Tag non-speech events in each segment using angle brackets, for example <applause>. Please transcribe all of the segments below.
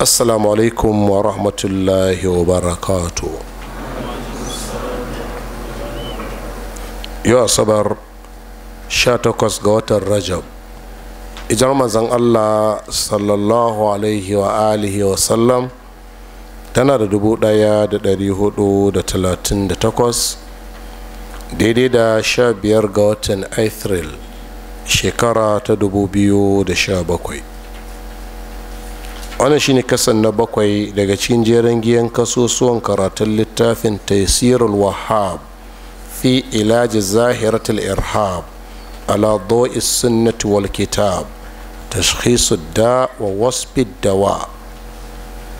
assalamu alaikum wa rahmatullahi wa barakatu yau asabar sha 18 ga watan rajab ijar manzan allah sallallahu alaihi wa alihi wa sallam tana da dubu daya da dari hudu da talatin da takwas daidai da sha biyar ga watan Aithril shekara ta dubu biyu da sha bakwai wannan shine kasan na bakwai daga cikin jerin giyan kasusuwan karatun littafin taisirul wahab fi ilaji zahiratul irhab ala do'is sunnati wal kitab tashkhisu da wa wasfi dawa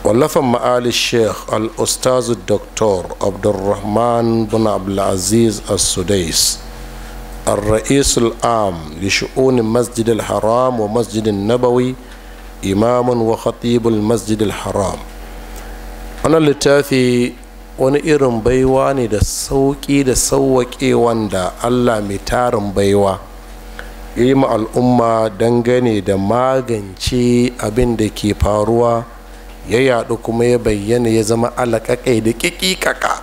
wallafan ma'ali sheikh al-ustazu doktor abdulrahman bin abdulaziz as-sudais الرئيس العام لشؤون مسجد الحرام ومسجد النبوي imamun wa khatibul al haram wannan littafi wani irin baiwa ne da sauƙi da sauwaƙe wanda allah mai tarin baiwa ya yi al'umma dangane da magance abin da ke faruwa ya yaɗu kuma ya bayyana ya zama alaƙaƙai da ƙiƙiƙaƙa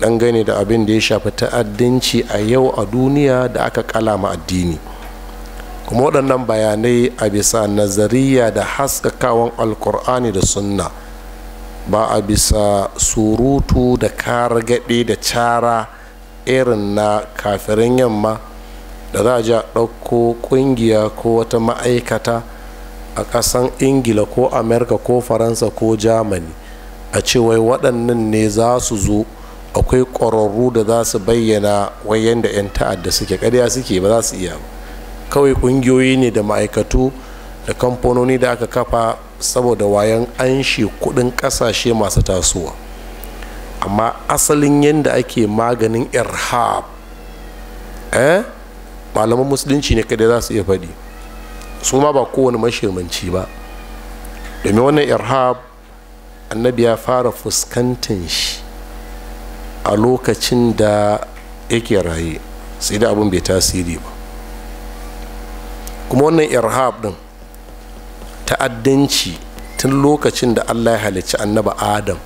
dangane da abin da ya shafi ta'addanci a yau a duniya da aka kalama addini kuma waɗannan bayanai a bisa nazariya da haskakawan alkur'ani da sunna ba a bisa surutu da kargaɗe da cara irin na kafirin yamma da za a ji a ɗauko ƙungiya ko wata ma'aikata a ƙasan ingila ko amerika ko faransa ko germany a cewa waɗannan ne za su zo akwai ƙwararru da za su bayyana wayan da 'yan ta'adda suke ƙarya suke ba za su iya ba kawai ƙungiyoyi ne da ma'aikatu da kamfanoni da aka kafa saboda wayan an shi kuɗin ƙasashe masu tasowa amma asalin yadda ake maganin irhab eh malaman musulunci ne kadai za su iya faɗi su ma ba kowane mashirmanci ba domin wannan irhab annabi ya fara fuskantar shi a lokacin da yake raye sai da abin bai tasiri ba kuma wannan irhab din ta'addanci tun lokacin da allah ya halicci annaba adam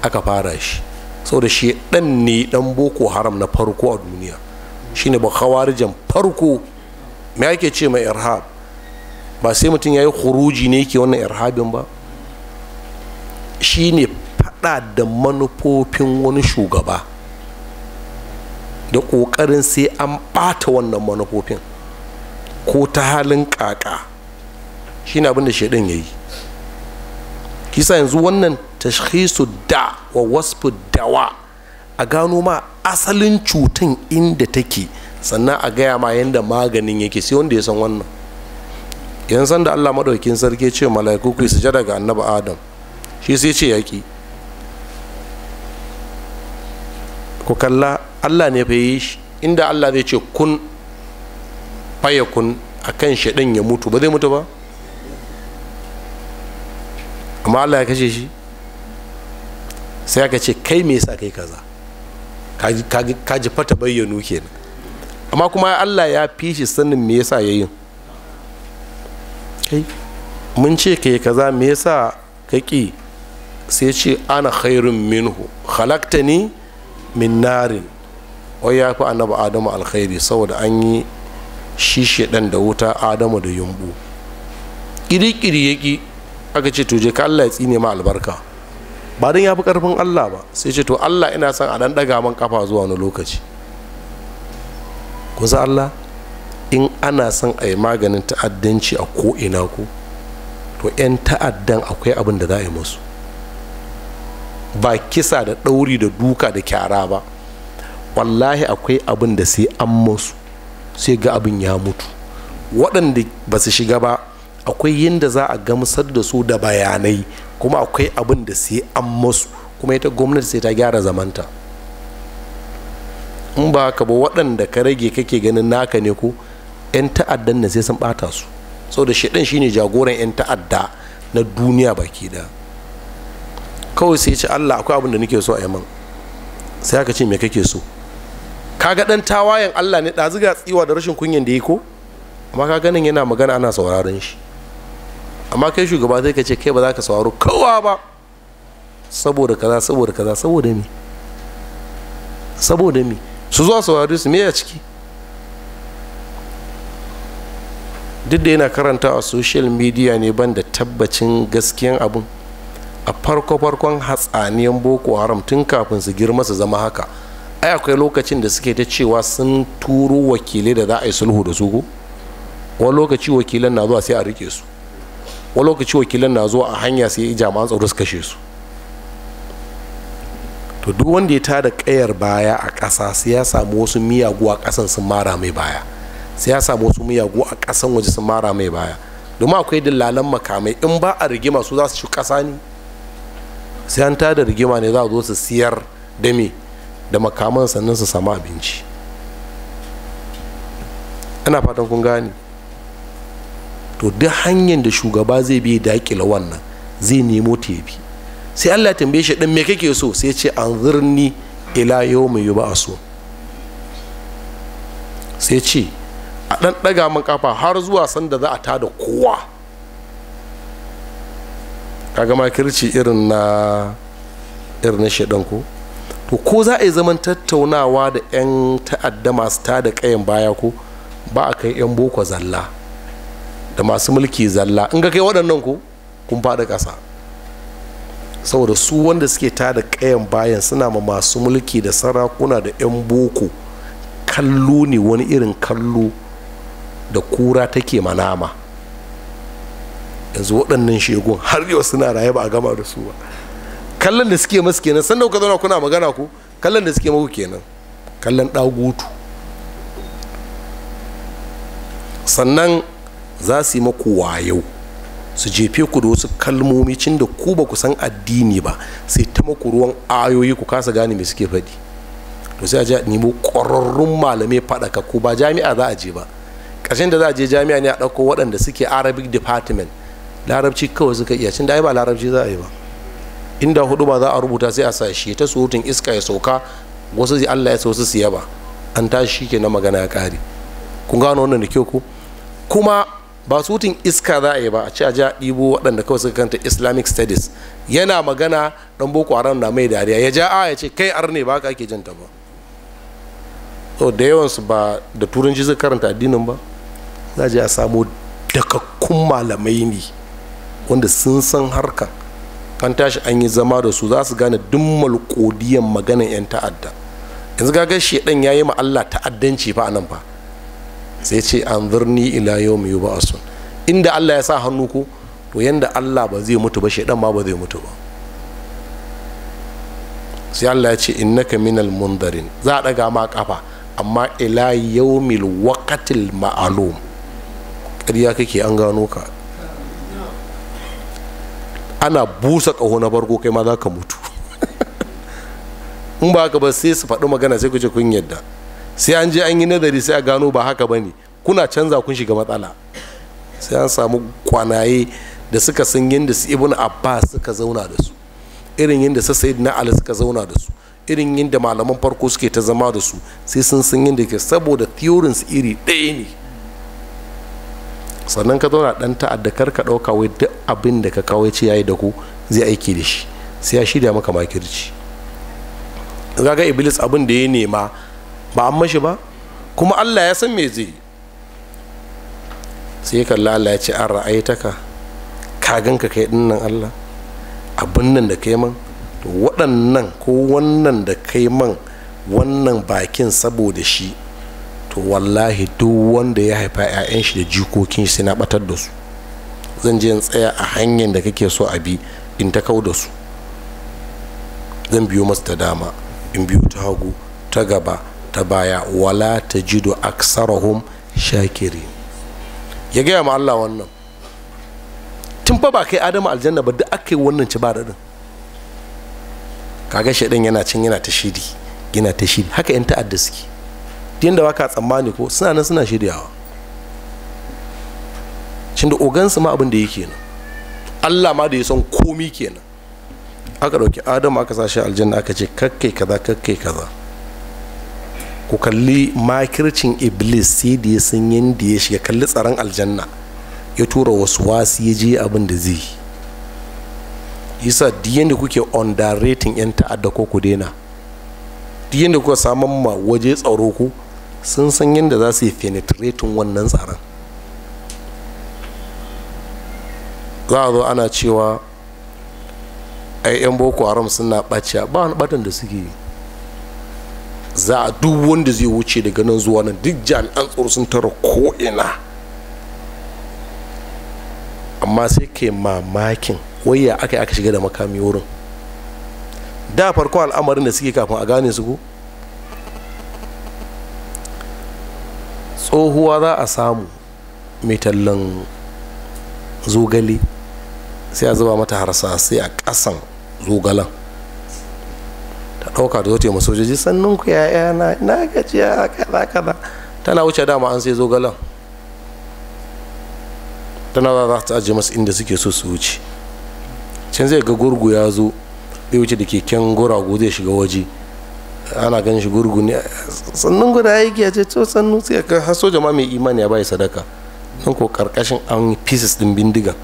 aka fara shi saboda shi dan ne dan boko haram na farko a duniya shine ba khawarijan farko me ake ce mai irhab ba sai mutum ya yi huruji ne yake wannan irhabin ba shine fada da manufofin wani shugaba da ƙoƙarin sai an ɓata wannan manufofin ko ta halin kaka shi na abinda shaidan ya yi kisa yanzu wannan tashkhisu da wa wasu dawa a gano ma asalin cutan inda take sannan a gaya ma yadda maganin yake sai wanda ya san wannan yan san da allah maɗaukin sarki ce mala'iku ku jada ga annabi adam shi sai ce yaƙi ku kalla allah ne fa yi shi inda allah zai ce kun fayakun a kan shaɗin ya mutu ba zai mutu ba amma allah ya kashe shi sai aka ce kai me yasa kai kaza ka ji fata bayyanu kenan amma kuma allah ya fi shi sanin me yasa ya yi mun ce ka kaza me yasa ka ƙi sai ce ana khairun minhu halakta ni min narin wai ya fi annabi adamu alkhairi saboda an yi shi shaɗan da wuta adamu da yumbu ya yaki aka ce to je ka Allah ya tsine ma albarka ba don ya fi ƙarfin Allah ba sai ce to Allah ina son a ɗan ɗaga man kafa zuwa wani lokaci kusa Allah in ana son a yi maganin ta'addanci a ko ina ku to 'yan ta'addan akwai abin da za a yi musu ba kisa da ɗauri da duka da kyara ba wallahi akwai abin da sai an musu sai ga abin ya mutu waɗanda ba su shiga ba akwai yadda za a gamsar da su da bayanai kuma akwai abin da sai an masu kuma ita gwamnati sai ta gyara zamanta in ba ka ba waɗanda ka rage kake ganin naka ne ko 'yan ta'addan na sai sun ɓata su saboda shaɗan shine jagoran 'yan ta'adda na duniya baki da kawai sai ce allah akwai abin da nake so a yi min sai aka ce me kake so kaga dan tawayen Allah ne ɗazu ga tsiwa da rashin kunyan da yi ko amma ka ganin yana magana ana sauraron shi amma kai shugaba zai ka ce kai ba za ka sauraro kowa ba saboda kaza saboda kaza saboda me saboda me su zuwa saurari su me a ciki duk da yana karanta a social media ne ban da tabbacin gaskiyan abun a farko-farkon hatsaniyan boko haram tun kafin su girma su zama haka ai akwai lokacin da suke ta cewa sun turo wakilai da za a yi sulhu da su ko wani lokaci wakilan na zuwa sai a rike su wani lokaci wakilan na zuwa a hanya sai jama'an tsaro su kashe su to duk wanda ya tada kayar baya a ƙasa sai ya samu wasu miyagu a ƙasan sun mara mai baya sai ya samu wasu miyagu a ƙasan waje sun mara mai baya domin akwai dillalan makamai in ba a rigima su za su ci ƙasa ne sai an tada rigima ne za a zo su siyar da me da makaman sannan su samu abinci ana fatan kun gane to duk hanyar da shugaba zai bi dakila wannan zai nemo ta sai allah ya tambaye shi ɗin me kake so sai ce an zirni ila yau mai yuba a so sai ce a ɗan ɗaga min kafa har zuwa sanda za a da kowa kaga makirci irin na irin na shaɗan ko to ko za a yi zaman tattaunawa da 'yan ta'adda masu ta da kayan baya ko ba a kai 'yan boko zalla da masu mulki zalla in ga kai waɗannan ko kun faɗi ƙasa saboda su wanda suke ta da kayan bayan suna ma masu mulki da sarakuna da 'yan boko kallo ne wani irin kallo da kura take manama nama yanzu waɗannan shegun har yau suna raye ba a gama da su ba kallon da suke masu kenan sannan kuka zauna kuna magana ku kallon da suke maku kenan kallon ɗagutu sannan za su yi maku wayau su jefe ku da wasu kalmomi cin da ku ba ku san addini ba sai ta maku ruwan ayoyi ku kasa gane me suke faɗi to sai a je nemo ƙwararrun malamai faɗaka ku ba jami'a za a je ba ƙarshen da za a je jami'a ne a ɗauko waɗanda suke arabic department larabci kawai suka iya cin da ai ba larabci za a yi ba inda hudu ba za a rubuta sai a sa shi ta surutun iska ya sauka wasu zai Allah ya so siya ba an tashi ke na magana ya kare kun gano wannan da kyau ku kuma ba surutun iska za a yi ba a ci a ja ɗibo waɗanda kawai suka kanta islamic studies yana magana dan boko haram na mai dariya ya ja a ya ce kai arne ba ka ake janta ba so da yawansu ba da turanci zai karanta addinin ba za a je a samo dakakkun malamai ne wanda sun san harkar an tashi an yi zama da su za su gane dummal kodiyan maganan 'yan ta'adda yanzu gagar shedan ya yi ma Allah ta'addanci fa anan fa sai ce an zurni ila yau mai ba asun inda Allah ya sa hannu ko to yanda Allah ba zai mutu ba shedan ma ba zai mutu ba sai Allah ya ce innaka minal mundarin za a daga ma kafa amma ila yaumil waqatil ma'alum ƙarya kake an gano ka ana busa ƙaho na barko kai ma za ka mutu in ba haka ba sai su faɗi magana sai ku ce kun yadda sai an je an yi nazari sai a gano ba haka ba ne kuna canza kun shiga matsala sai an samu kwanaye da suka san yadda su ibn abbas suka zauna da su irin yadda su sayid na ali suka zauna da su irin yadda malaman farko suke ta zama da su sai sun san yadda ke saboda theorins iri ɗaya ne sannan ka zauna dan ta'adda kar ka ɗauka wai duk abin da ka kawai ci yayi da ku zai aiki da shi sai ya shirya maka makirci ga iblis abin da ya nema ba an mashi ba kuma allah ya san me zai sai kalla lalace ya ce an ra'aitaka ka ganka kai dinnan allah abin nan da kai man waɗannan ko wannan da kai man wannan bakin saboda shi to wallahi duk wanda ya haifa 'ya'yan shi da jikokin shi na batar da su zan je in tsaya a hanyar da kake so a bi in ta kau da su zan biyo masu ta dama in biyo ta hagu ta gaba ta baya wala ta jido aksarahum shakiri ya gaya ma Allah wannan tun fa ba kai adamu aljanna ba duk aka yi wannan ci ba daɗin kaga shaɗin yana cin yana ta shidi yana ta shidi haka 'yan ta'adda suke tun da waka tsammani ko suna nan suna shiryawa shin da ogansu ma abin da yake nan Allah ma da ya san komi kenan aka ɗauki adam aka sashi aljanna aka ce kakkai kaza kakkai kaza ku kalli makircin iblis sai da ya san yadda ya shiga kalli tsaron aljanna ya tura wasu wasu ya je abin da zai yasa duk yadda kuke ondaretin yan ta'adda ko ku daina duk yadda kuka saman ma waje tsaro ku sun san yadda za su yi fenitretin wannan tsaron za a zo ana cewa ai boko haram suna ɓaciya ba wani ɓatan da suke yi za a duk wanda zai wuce daga nan zuwa nan duk jami'an tsoro sun tara ko'ina amma sai ke mamakin waya aka yi aka shiga da makami wurin da farko al'amarin da suke kafin a gane su ko tsohuwa za a samu mai tallan zogale sai a zuba mata harsasai a ƙasan zogalen ta ɗauka da zote masojoji sannan ku ya na na gajiya kaza kaza tana wuce dama an sai zogalen tana za za ta ajiye masu inda suke so su wuce can zai ga gurgu ya zo bai wuce da keken guragu zai shiga waje ana ganin shi gurgu ne sannan guda aiki ya ce to sannu sai ka har soja ma mai imani ya bai sadaka nan ko karkashin an pieces din bindigan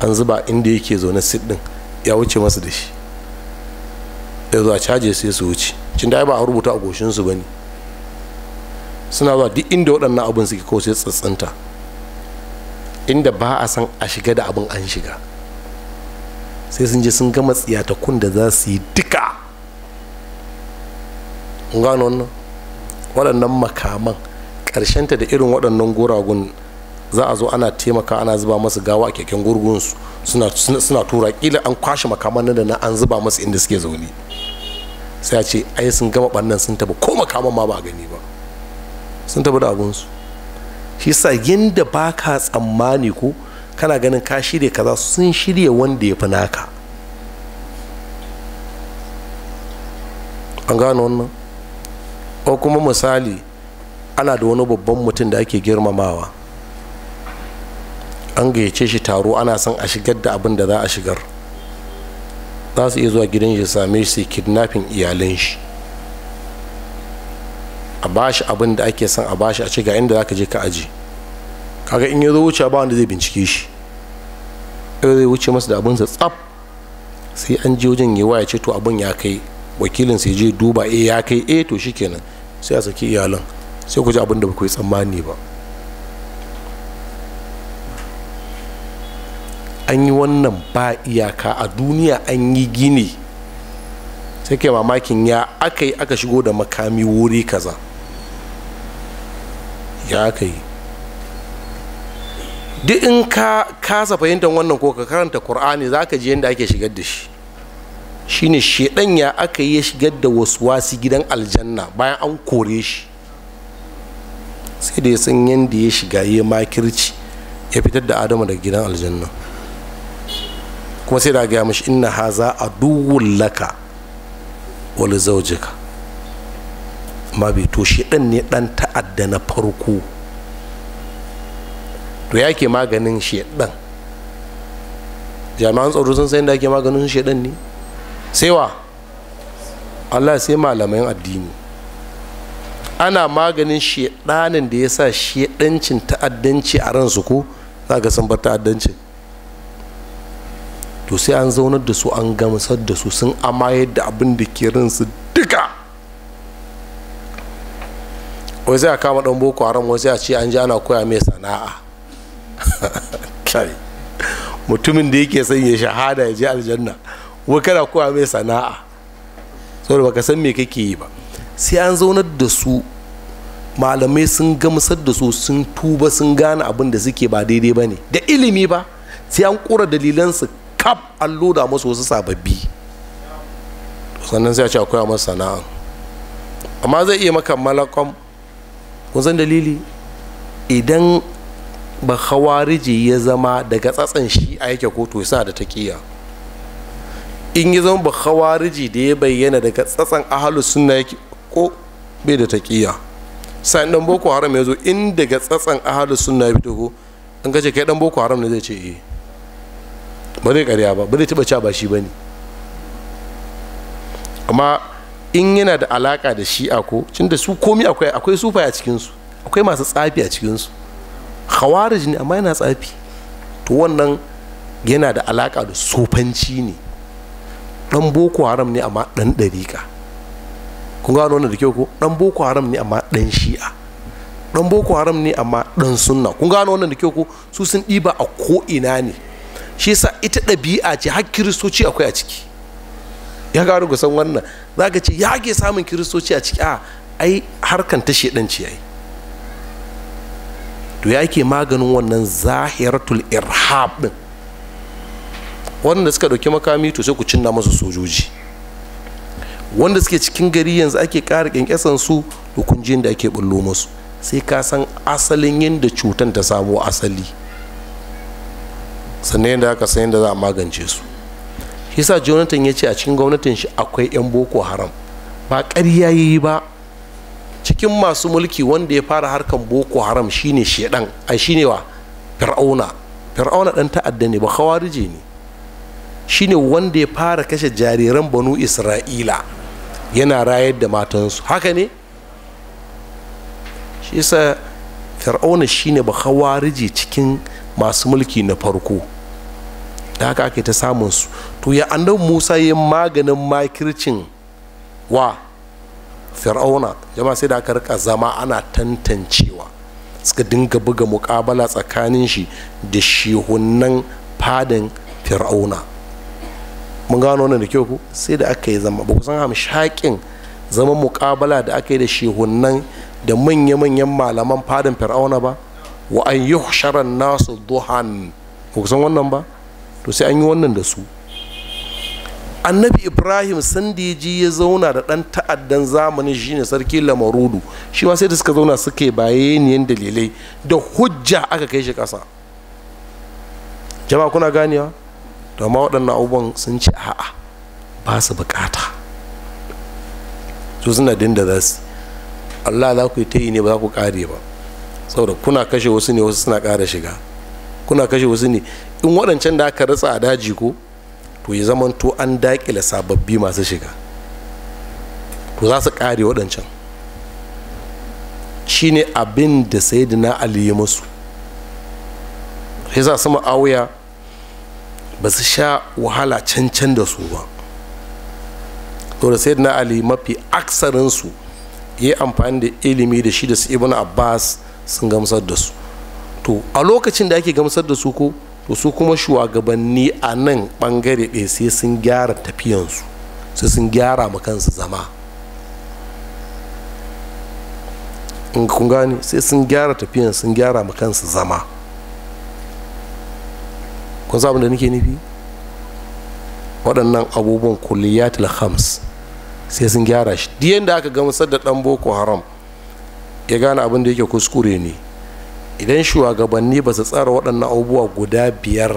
an zuba inda yake zaune sit din ya wuce masu da shi ya zuwa caje sai su wuce cin da ba a rubuta a goshin su bane suna zuwa duk inda waɗannan abin suke kawai sai tsatsinta inda ba a san a shiga da abin an shiga sai sun je sun gama tsiyatakun da za su yi duka ganon waɗannan makaman ƙarshenta da irin waɗannan guragun za a zo ana taimaka ana zuba masu gawa a keken gurgunsu suna tura kila an kwashe makaman nan da na an zuba masu inda suke zaune sai a ce ai sun gama ɓannan sun taɓa ko makaman ma ba gani ba sun taɓa da abunsu shi sa yadda ba ka tsammani ko kana ganin ka shirya kaza sun shirya wanda ya fi naka an gano wannan ko kuma misali ana da wani babban mutum da ake girmamawa an gayyace shi taro ana son a shigar da abin da za a shigar za su iya zuwa gidan shi same shi kidnafin iyalan shi a bashi abin da ake son a bashi a ci ga inda zaka je ka aji kaga in ya zo wuce ba wanda zai bincike shi zai wuce masa da abin sa tsaf sai an ji wajen yawa ya ce to abin ya kai wakilin sai je duba eh ya kai eh to shikenan sai a saki iyalan sai ku ji abin da ba ku yi tsammani ba an yi wannan ba iyaka a duniya an yi gini sai kai mamakin ya aka yi aka shigo da makami wuri kaza ya aka yi duk in ka kasa fahimtar wannan ko ka karanta kur'ani za ka ji yadda ake shigar da shi shine shedan ya aka yi shigar da wasu wasu gidan aljanna bayan an kore shi sai da ya san yadda ya shiga ya makirci ya fitar da adamu da gidan aljanna kuma sai da gaya mashi inna haza a duwun laka wani zaujika amma bai to shedan ne dan ta'adda na farko to ya ke maganin shedan jami'an tsaro sun san da ake maganin shedan ne sai wa allah sai malamayin addini ana maganin shedanin da ya sa shedancin ta'addanci a ransu ko za ga sun bar ta'addancin to sai an zaunar da su an gamsar da su sun amayar da abin da ke ransu duka wai sai a kama ɗan boko haram wai sai a ce an ji ana koya mai sana'a <laughs> mutumin da yake son ya shahada ya je aljanna wai kana koya mai sana'a saboda baka san me kake yi ba sai an zaunar da su malamai sun gamsar da su sun tuba sun gane abin da suke ba daidai ba ne da ilimi ba sai an kura dalilansu kaf an loda masu wasu sababbi sannan sai a ce akwai masu sana'a amma zai iya maka malakon kun san dalili idan ba hawariji ya zama daga tsatsan shi a yake kotu to sa da taƙiya in yi zama ba khawariji da ya bayyana daga tsatsan ahalu sunna yake ko bai da taƙiya sai dan boko haram ya zo in daga tsatsan ahalu sunna ya fito ko an kace kai dan boko haram ne zai ce eh ba zai ƙarya ba ba zai taɓa ca ba shi ba ne amma in yana da alaƙa da shi a ko cin da su komi akwai akwai a cikinsu akwai masu tsafi a cikinsu khawarij ne amma yana tsafi to wannan yana da alaƙa da sufanci ne dan boko haram ne amma dan dariƙa kun gano wannan da kyau ko dan boko haram ne amma dan shi'a dan boko haram ne amma dan sunna kun gano wannan da kyau ko su sun ɗiba a ko ina ne shi yasa ita ɗabi'a ce har kiristoci akwai a ciki ya gano ga san wannan za ka ce ya ke samun kiristoci a ciki a ai harkan ta shedan ce ai to ya ke maganin wannan zahiratul irhab din waɗanda suka dauki makami to sai ku cinna musu sojoji wanda suke cikin gari yanzu ake ƙara kyankyasan su hukunjin da ake bullo musu sai ka san asalin yadda cutan ta samo asali sannan yadda aka san yadda za a magance su yasa jonathan ya ce a cikin gwamnatin shi akwai 'yan boko haram ba ƙarya yi ba cikin masu mulki wanda ya fara harkan boko haram shine shedan a shine wa fir'auna fir'auna dan ta'adda ne ba khawarije ne shine wanda ya fara kashe jariran banu isra'ila yana rayar da matansu haka ne shi yasa fir'auna shine ba hawariji cikin masu mulki na farko da haka ake ta samun su to ya annabi musa ya maganin makircin wa fir'auna jama sai da aka rika zama ana tantancewa suka dinga buga mukabala tsakanin shi da shehunan fadin fir'auna mun gano wannan da kyau ku sai da aka yi zama ba ku san hamshakin zaman muƙabala da aka yi da shehunan da manya-manyan malaman fadin fir'auna ba wa an yi sharan nasu duhan ba ku san wannan ba to sai an yi wannan da su annabi ibrahim sandiji ya zauna da ɗan ta'addan zamani shine sarki lamarudu shi ma sai da suka zauna suke bayaniyan dalilai da hujja aka kai shi ƙasa jama'a kuna ganewa to amma waɗannan abubuwan sun ce a'a ba su bukata su suna dinda za su allah za ku yi ta yi ne ba za ku kare ba saboda kuna kashe wasu ne wasu suna ƙara shiga kuna kashe wasu ne in waɗancan da aka ritsa a daji ko to ya zaman to an daƙila sababbi masu shiga to za su ƙare waɗancan shine abin da sayidina ali ya masu sai su ma'auya ba su sha wahala cancan da su ba to da sai na ali mafi aksarin su yi amfani da ilimi da shi da su ibn abbas sun gamsar da su to a lokacin da ake gamsar da su ko to su kuma shugabanni a nan bangare ɗaya sai sun gyara tafiyansu sai sun gyara ma kansu zama in kun gani sai sun gyara tafiyan sun gyara ma kansu zama kun sa da nake nufi waɗannan abubuwan kulliyatul khams sai sun gyara shi duk yadda aka gamsar da ɗan boko haram ya gane abin da yake kuskure ne idan shugabanni ba su tsara waɗannan abubuwa guda biyar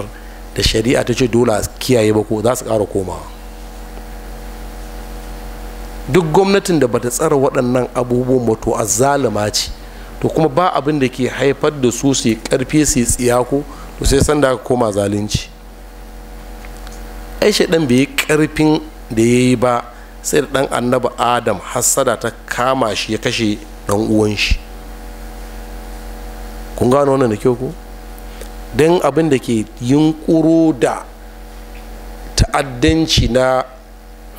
da shari'a ta ce dole a kiyaye ba ko za su ƙara komawa duk gwamnatin da ba ta tsara waɗannan abubuwan ba to a zalima ce to kuma ba abin da ke haifar da su su yi ƙarfi su yi tsiyako to sai sanda aka koma zalunci ai shaidan bai yi karfin da ya yi ba sai da dan annabi adam hassada ta kama shi ya kashe dan uwan shi kun gano wannan da kyau ko don abin da ke yunkuro da ta'addanci na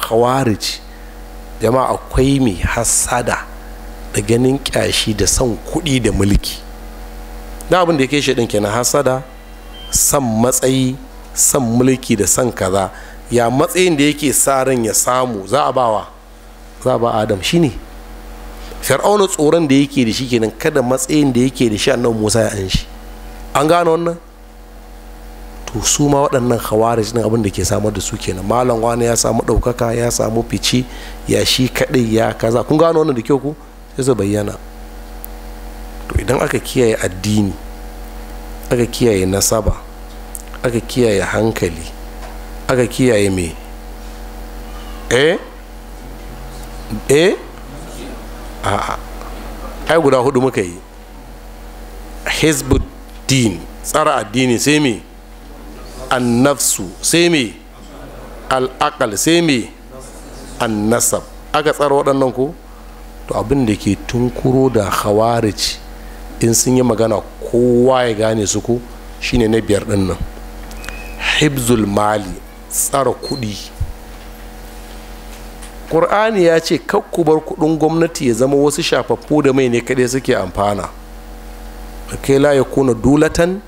khawarij jama'a akwai mai hassada da ganin kyashi da son kuɗi da mulki na abin da yake kai shaɗin kenan hassada San matsayi san mulki da san kaza ya matsayin da yake sa ran ya samu za a bawa za a ba adam shine fir'auna tsoron da yake da shi kenan kada matsayin da yake da shi annabi musa ya an an gano wannan to su ma waɗannan khawarij din abin da ke samar da su kenan malam wani ya samu ɗaukaka ya samu fice ya shi kaɗai ya kaza kun gano wannan da kyau ku sai su bayyana to idan aka kiyaye addini aka kiyaye nasaba aka kiyaye hankali aka kiyaye me eh eh a ai guda hudu muka yi hezbollah tsara addini sai me annafsu sai me al'akal sai me annasab aka tsara waɗannan ko to abin da ke tunkuro da hawarici in sun yi magana kowa ya gane su ko shine na biyar ɗin nan hibzul mali tsara kuɗi ƙur'ani ya ce bar kuɗin gwamnati ya zama wasu shafaffu da mai ne kaɗai suke amfana kai la ya kuna dulatan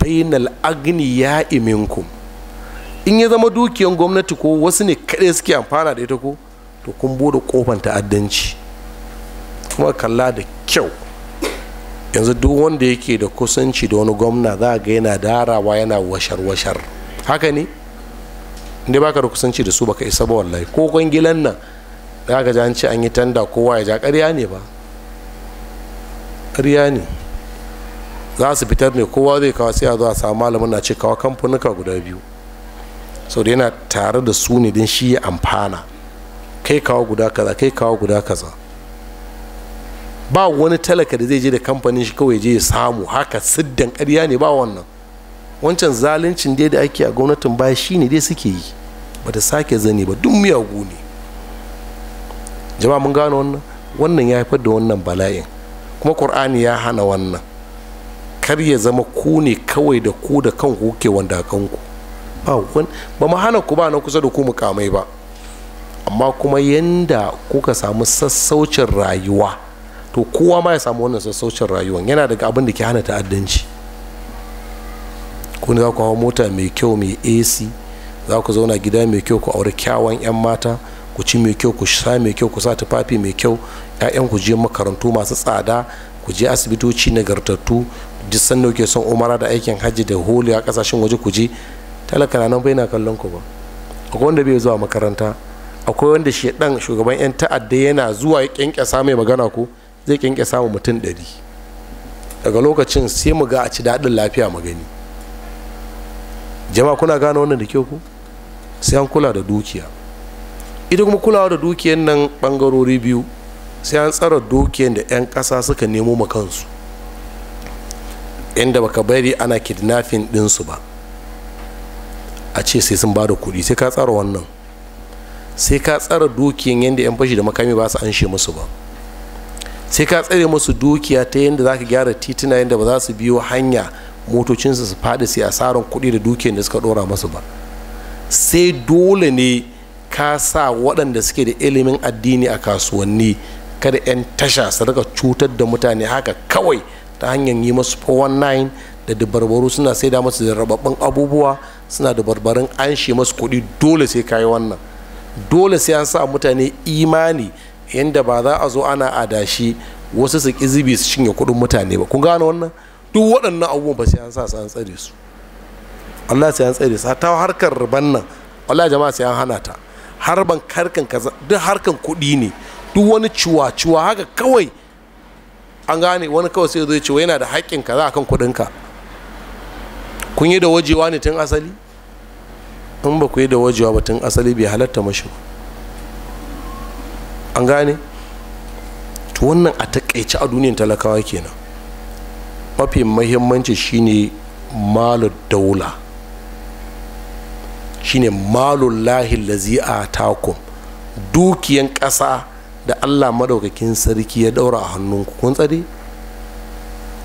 bainal agni ya iminkum in ya zama dukiyan gwamnati ko wasu ne kaɗai suke amfana da ita ko to kun bude kofan ta'addanci kuma kalla da kyau yanzu duk wanda yake da kusanci da wani gwamna za ga yana darawa yana washar-washar haka ne inda baka da kusanci da su baka isa ba wallahi ko kwangilan nan da ga an ce an yi tanda kowa ya ja ƙarya ne ba ƙarya ne za su fitar ne kowa zai kawo sai a zo a samu malamin na ce kawo kamfanuka guda biyu sau da yana tare da su ne don shi ya amfana kai kawo guda kaza kai kawo guda kaza ba wani talaka da zai je da kamfanin shi kawai je ya samu haka siddan ƙarya ne ba wannan wancan zaluncin dai da ake a gwamnatin baya shi ne dai suke yi ba ta sake zane ba duk miyagu ne jama'a mun gano wannan wannan ya haifar da wannan bala'in kuma ƙur'ani ya hana wannan kar ya zama ku ne kawai da ku da kanku kuke wanda kanku ba ku ba mu hana ku ba na kusa da ku mukamai ba amma kuma yanda kuka samu sassaucin rayuwa to kowa ma ya samu wannan sassaucin rayuwan yana daga abin da ke hana ta'addanci kun za ku hawa mota mai kyau mai ac za ku zauna gida mai kyau ku auri kyawan 'yan mata ku ci mai kyau ku sha mai kyau ku sa tufafi mai kyau 'ya'yan ku je makarantu masu tsada ku je asibitoci nagartattu duk san kuke son umara da aikin hajji da holi a kasashen waje ku je talaka na nan bai na kallon ku ba akwai wanda bai zuwa makaranta akwai wanda shi dan shugaban 'yan ta'adda yana zuwa ya kyankyasa mai magana ku. zai kyanke samun mutum ɗari daga lokacin sai mu ga a ci daɗin lafiya mu gani jama'a kuna gane wannan da kyau ku sai an kula da dukiya ita kuma kulawa da dukiyan nan ɓangarori biyu sai an tsara dukiyan da 'yan ƙasa suka nemo ma kansu inda baka bari ana kidnafin ɗinsu ba a ce sai sun ba da kuɗi sai ka tsara wannan sai ka tsara dukiyan yadda 'yan fashi da makami ba su an musu ba sai ka tsare musu dukiya ta yadda za ka gyara titina yadda ba za su biyo hanya motocinsu su faɗi sai asarar kuɗi da dukiyar da suka ɗora masu ba sai dole ne ka sa waɗanda suke da ilimin addini a kasuwanni kada 'yan tasha su rika cutar da mutane haka kawai ta hanyar yi masu 419 da dabarbaru suna sai da masu da rababbin abubuwa suna da barbarin an shi masu kuɗi dole sai kayi wannan dole sai an sa mutane imani yadda ba za a zo ana adashi wasu su ƙi zubi su cinye kuɗin mutane ba kun gane wannan duk waɗannan abubuwan ba sai an sa su an tsare su Allah sai an tsare su ta harkar riban nan Allah jama'a sai an hana ta harban karkan kaza duk harkan kuɗi ne duk wani ciwa-ciwa haka kawai an gane wani kawai sai zo ce yana da haƙƙin kaza akan kuɗinka kun yi da wajewa ne tun asali in ba ku yi da wajewa ba tun asali bai halatta mashi ba an gane to wannan a takaice a duniyar talakawa kenan mafi mahimmanci shine malu daula shine malu lahil lazi a takum dukiyan ƙasa da allah madaukakin sarki ya daura a hannunku kun tsare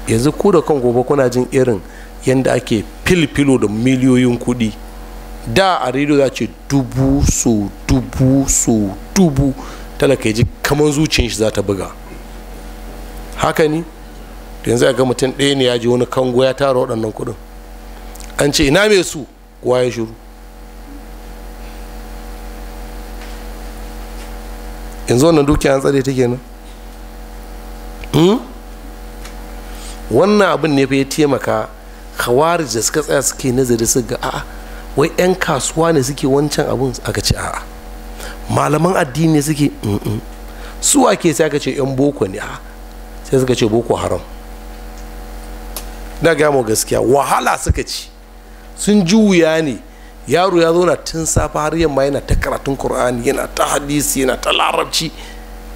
yanzu ku da kan gobe kuna jin irin yadda ake filfilo da miliyoyin kuɗi da a rediyo za ce dubu so dubu so dubu talaka ji kaman zuciyar shi za ta buga haka ne yanzu ga mutum ɗaya ne ya ji wani kango ya tara waɗannan kuɗin an ce ina mai su kuwa ya shiru yanzu wannan dukiya an tsare take nan hmm? wannan abin ne fa ya taimaka kawar da suka tsaya suke nazari su ga a'a wai 'yan kasuwa ne suke wancan abun aka ce a'a malaman addini suke su ke sai ka ce yan boko ne a sai suka ce boko haram na gamo gaskiya wahala suka ci sun ji wuya ne yaro ya zauna tun safa har yamma yana ta karatun kur'ani yana ta hadisi yana ta larabci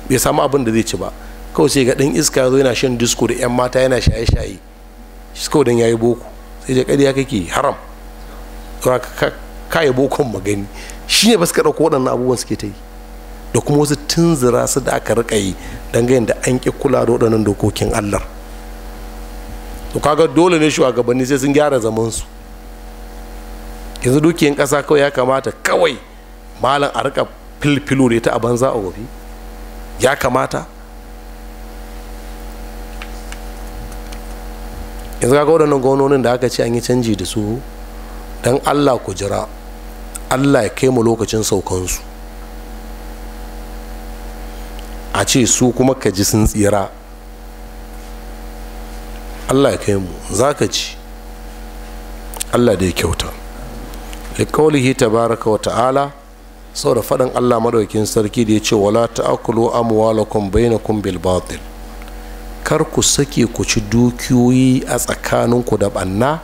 bai samu abin da zai ci ba kawai sai ga ɗan iska zo yana shan disko da 'yan mata yana shaye-shaye shi kawai don yayi boko sai ya ya kake haram kayi bokon magani shi ne ba suka ɗauko waɗannan abubuwan suke ta yi da kuma wasu tunzura su da aka riƙa yi dangane da an ƙi kula da waɗannan dokokin allah to kaga dole ne shugabanni sai sun gyara zamansu yanzu dukiyan ƙasa kawai ya kamata kawai malam a riƙa filfilo da ita a banza a gobe ya kamata yanzu kaga waɗannan gwamnonin da aka ce an yi canji da su don allah ku jira allah ya kai mu lokacin saukansu a ce su kuma ka ji sun tsira allah ya kai mu za ka ci allah da ya kyauta likaulihi tabaraka wa ta'ala saboda faɗin allah madaukin sarki da ya ce wala ta'akulu amwalakum bainakum bil batil kar ku sake ku ci dukiyoyi a tsakaninku da banna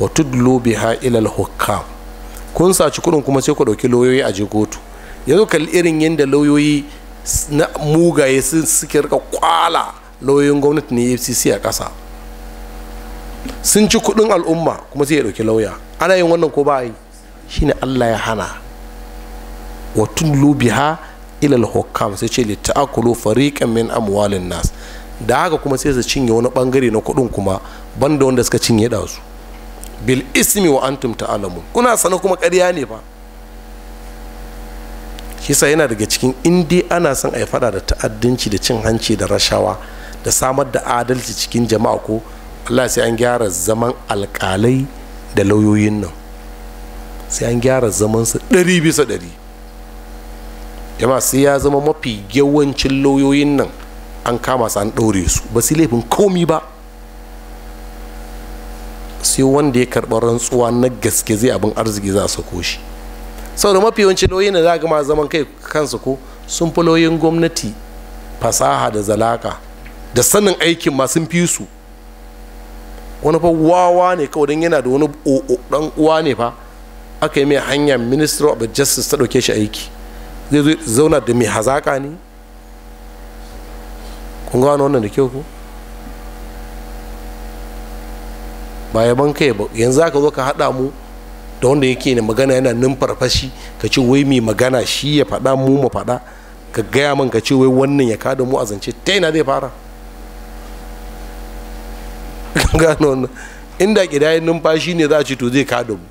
wa tudlo biha ilal hukam kun saci kuɗin kuma sai ku ɗauki lauyoyi a je kotu yanzu kalli irin yadda lauyoyi na mugaye suke rika kwala lauyoyin gwamnati ne efcc a ƙasa sun ci kuɗin al'umma kuma sai ya ɗauki lauya ana yin wannan ko ba yi shine allah ya hana wa lubiha ilal hukam sai ce li ta'akulu fariqan min amwalin nas da haka kuma sai su cinye wani bangare na kuɗin kuma banda wanda suka cinye da su bil ismi wa antum ta'alamu kuna sana kuma ƙarya ne fa shisa yana daga cikin indi ana son a yi fada da ta'addanci da cin hanci da rashawa da samar da adalci cikin jama'a ko Allah sai an gyara zaman alƙalai da lauyoyin nan sai an gyara su ɗari bisa ɗari jama'a sai ya zama mafi yawancin lauyoyin nan an kama su an ɗaure su ba su laifin komi ba sai wanda ya karɓi rantsuwa na gaske zai abin arziki za su ko shi saboda mafi yawanci lauyi da za ma zaman kai kansu ko sun fi lauyin gwamnati fasaha da zalaka da sanin aikin ma sun fi su wani fa wawa ne kawai don yana da wani dan uwa ne fa aka yi mai hanya minister of justice ta ɗauke shi aiki zai zauna da mai hazaka ne kun gano wannan da kyau ko ba yaban kai ba yanzu ka zo ka haɗa mu da wanda yake ne magana yana numfarfashi ka ce wai mai magana shi ya faɗa mu mu faɗa ka gaya min ka ce wai wannan ya kada mu a zance ta yana zai fara <laughs> gano inda kidayen numfashi ne za a ce to zai kada mu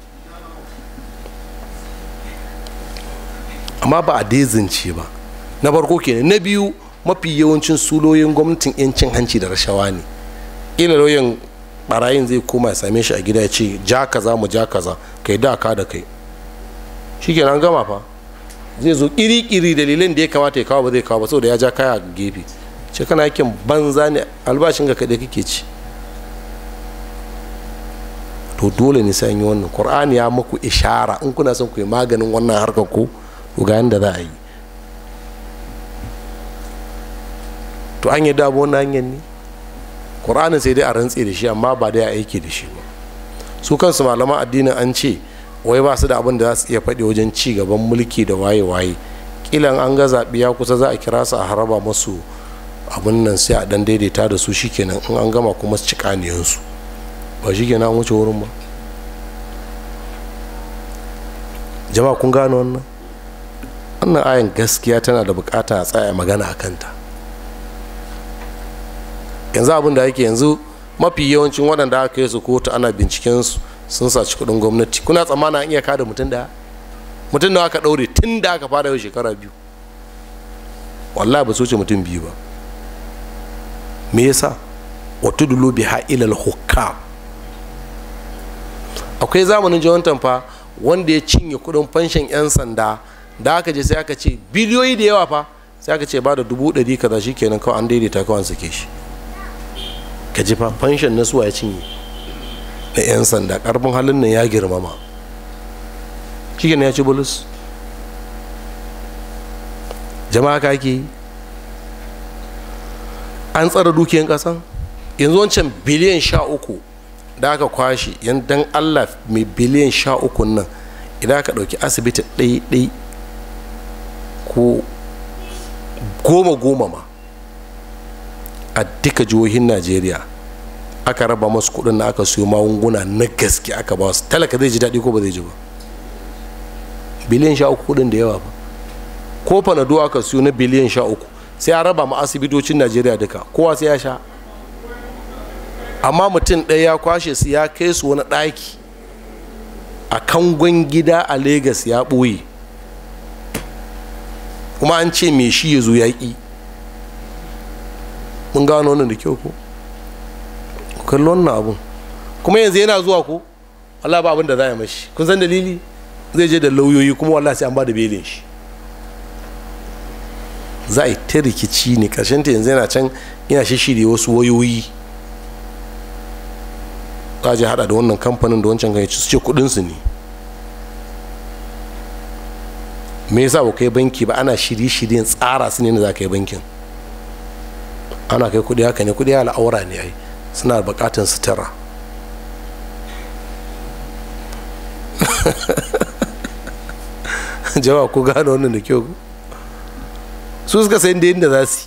amma ba a dai zance ba na farko kenan na biyu mafi yawancin suloyin gwamnatin 'yancin hanci da rashawa ne ila lauyan barayin zai koma ya same shi a gida ya ce ja kaza mu ja kaza kai da ka da kai shikenan gama fa zai zo kiri-kiri dalilin da ya kamata ya kawo ba zai kawo ba saboda ya ja kaya a gefe ce kana yakin banza ne albashin ka kaɗai kake ci to dole ne sai yi wannan qur'ani ya muku ishara in kuna son ku yi maganin wannan harkar ko to ga yanda za a yi to an yi dabo wannan hanyar ne ƙur'anin sai dai a rantse da shi amma ba dai a aiki da shi ba su kansu malaman addinin an ce wai ba su da abin da za su iya faɗi wajen ci gaban mulki da waye-waye ƙilan an ga zaɓi ya kusa za a kira su a haraba masu abin nan sai a ɗan daidaita da su shikenan in an gama kuma su ci kaniyansu ba shikenan an wuce wurin ba jama'a kun gano wannan wannan ayan gaskiya tana da bukata a tsaya magana a kanta yanzu abin da yake yanzu mafi yawancin waɗanda aka yi su kotu ana binciken su sun saci kuɗin gwamnati kuna tsammana an iya kada mutum da mutum da aka ɗaure tun da aka fara yau shekara biyu wallahi ba su mutum biyu ba me yasa wata dulu bi ha'ilal hukam akwai zamanin jawantan fa wanda ya cinye kuɗin fanshin 'yan sanda da aka je sai aka ce biliyoyi da yawa fa sai aka ce ba da dubu ɗari kaza shi kenan kawai an daidaita kawai an sake shi ka ji fanshin na suwa ya cinye na 'yan sanda karfin halin nan ya girmama shi ya ci bulus jama'a ka ke an tsara dukiyan kasan yanzu wancan biliyan sha uku da aka kwashi yan dan allah mai biliyan sha uku nan idan aka ɗauki asibiti ɗai-ɗai ko goma goma ma a duka jihohin najeriya aka raba masu kudin na aka siyo magunguna na gaske aka ba su talaka zai ji daɗi ko ba zai ji ba biliyan sha uku kudin da yawa ba ko fanado aka siyo na biliyan sha uku sai a raba ma asibitocin najeriya duka kowa sai ya sha amma mutum ɗaya ya kwashe su ya kai su wani ɗaki a kangon gida a Legas ya ɓoye kuma an ce me shi ya zo yaƙi mun gano wannan da kyau ko ku kalli wannan abun kuma yanzu yana zuwa ko Allah ba abin da za a mashi kun san dalili zai je da lauyoyi kuma wallahi sai an ba da belin shi za a yi ta rikici ne ƙarshen ta yanzu yana can yana shirye-shirye wasu wayoyi za a je hada da wannan kamfanin da wancan gani su ce su ne me yasa ba kai banki ba ana shirye-shiryen tsara su ne da za ka yi bankin ana kai kudi haka ne kudi ya al'aura ne ai suna bukatun sutura <laughs> jawa ku gano wannan da kyau su suka sayin da yadda za su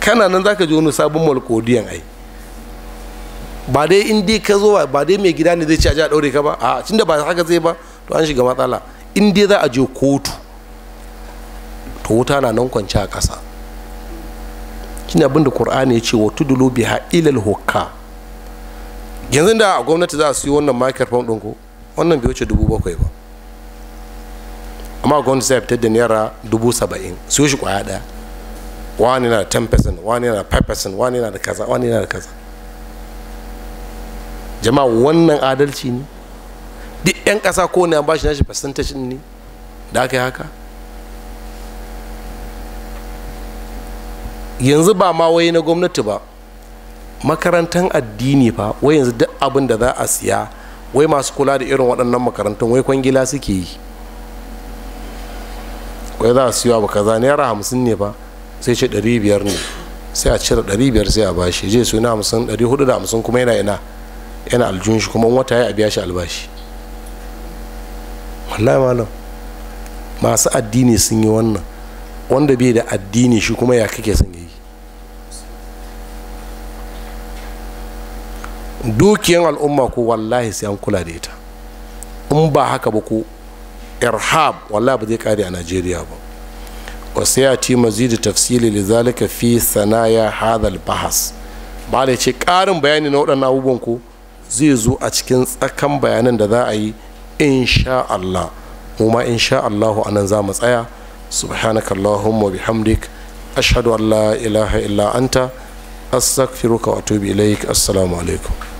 kana nan za ka ji wani sabon malkodiyan ai ba dai in dai ka zo ba dai mai gida ne zai ci a ji a ɗaure ka ba a cin da ba haka zai ba to an shiga matsala in dai za a je kotu to wuta na nan kwanci a ƙasa shine abinda kur'ani qur'ani ya ce wa tudulu biha ilal hukka yanzu da a gwamnati za su yi wannan microphone ɗin ko wannan bai wuce dubu bakwai ba amma gwamnati sai fitar da naira dubu saba'in su yi shi kwaya ɗaya wani na da 10% wani na da 5% wani na da kaza wani na da kaza jama'a wannan adalci ne duk 'yan ƙasa ne an ba shi nashi percentage ne da aka yi haka yanzu ba ma wai na gwamnati ba makarantar addini fa wai yanzu duk abin da za a siya wai masu kula da irin waɗannan makarantun wai kwangila suke yi wai za a siyo abu kaza naira hamsin ne fa sai ce ɗari biyar ne sai a cire ɗari biyar sai a bashi je na hamsin ɗari hudu da hamsin kuma yana ina yana aljun shi kuma wata ya biya shi albashi wallahi malam masu addini sun yi wannan wanda bai da addini shi kuma ya kake sun yi dukiyan al'umma ko wallahi sai an kula da ita in ba haka ba ko irhab wallahi ba zai kare a najeriya ba wasu ya ci mazidi tafsili zalika fi sanaya hadal bahas ba da ce karin bayani na waɗannan abubuwan ko zai zo a cikin tsakan bayanan da za a yi insha Allah kuma insha Allah anan za mu tsaya subhanakallahumma bihamdik ashhadu an la ilaha illa anta astaghfiruka wa atubu ilaik assalamu alaikum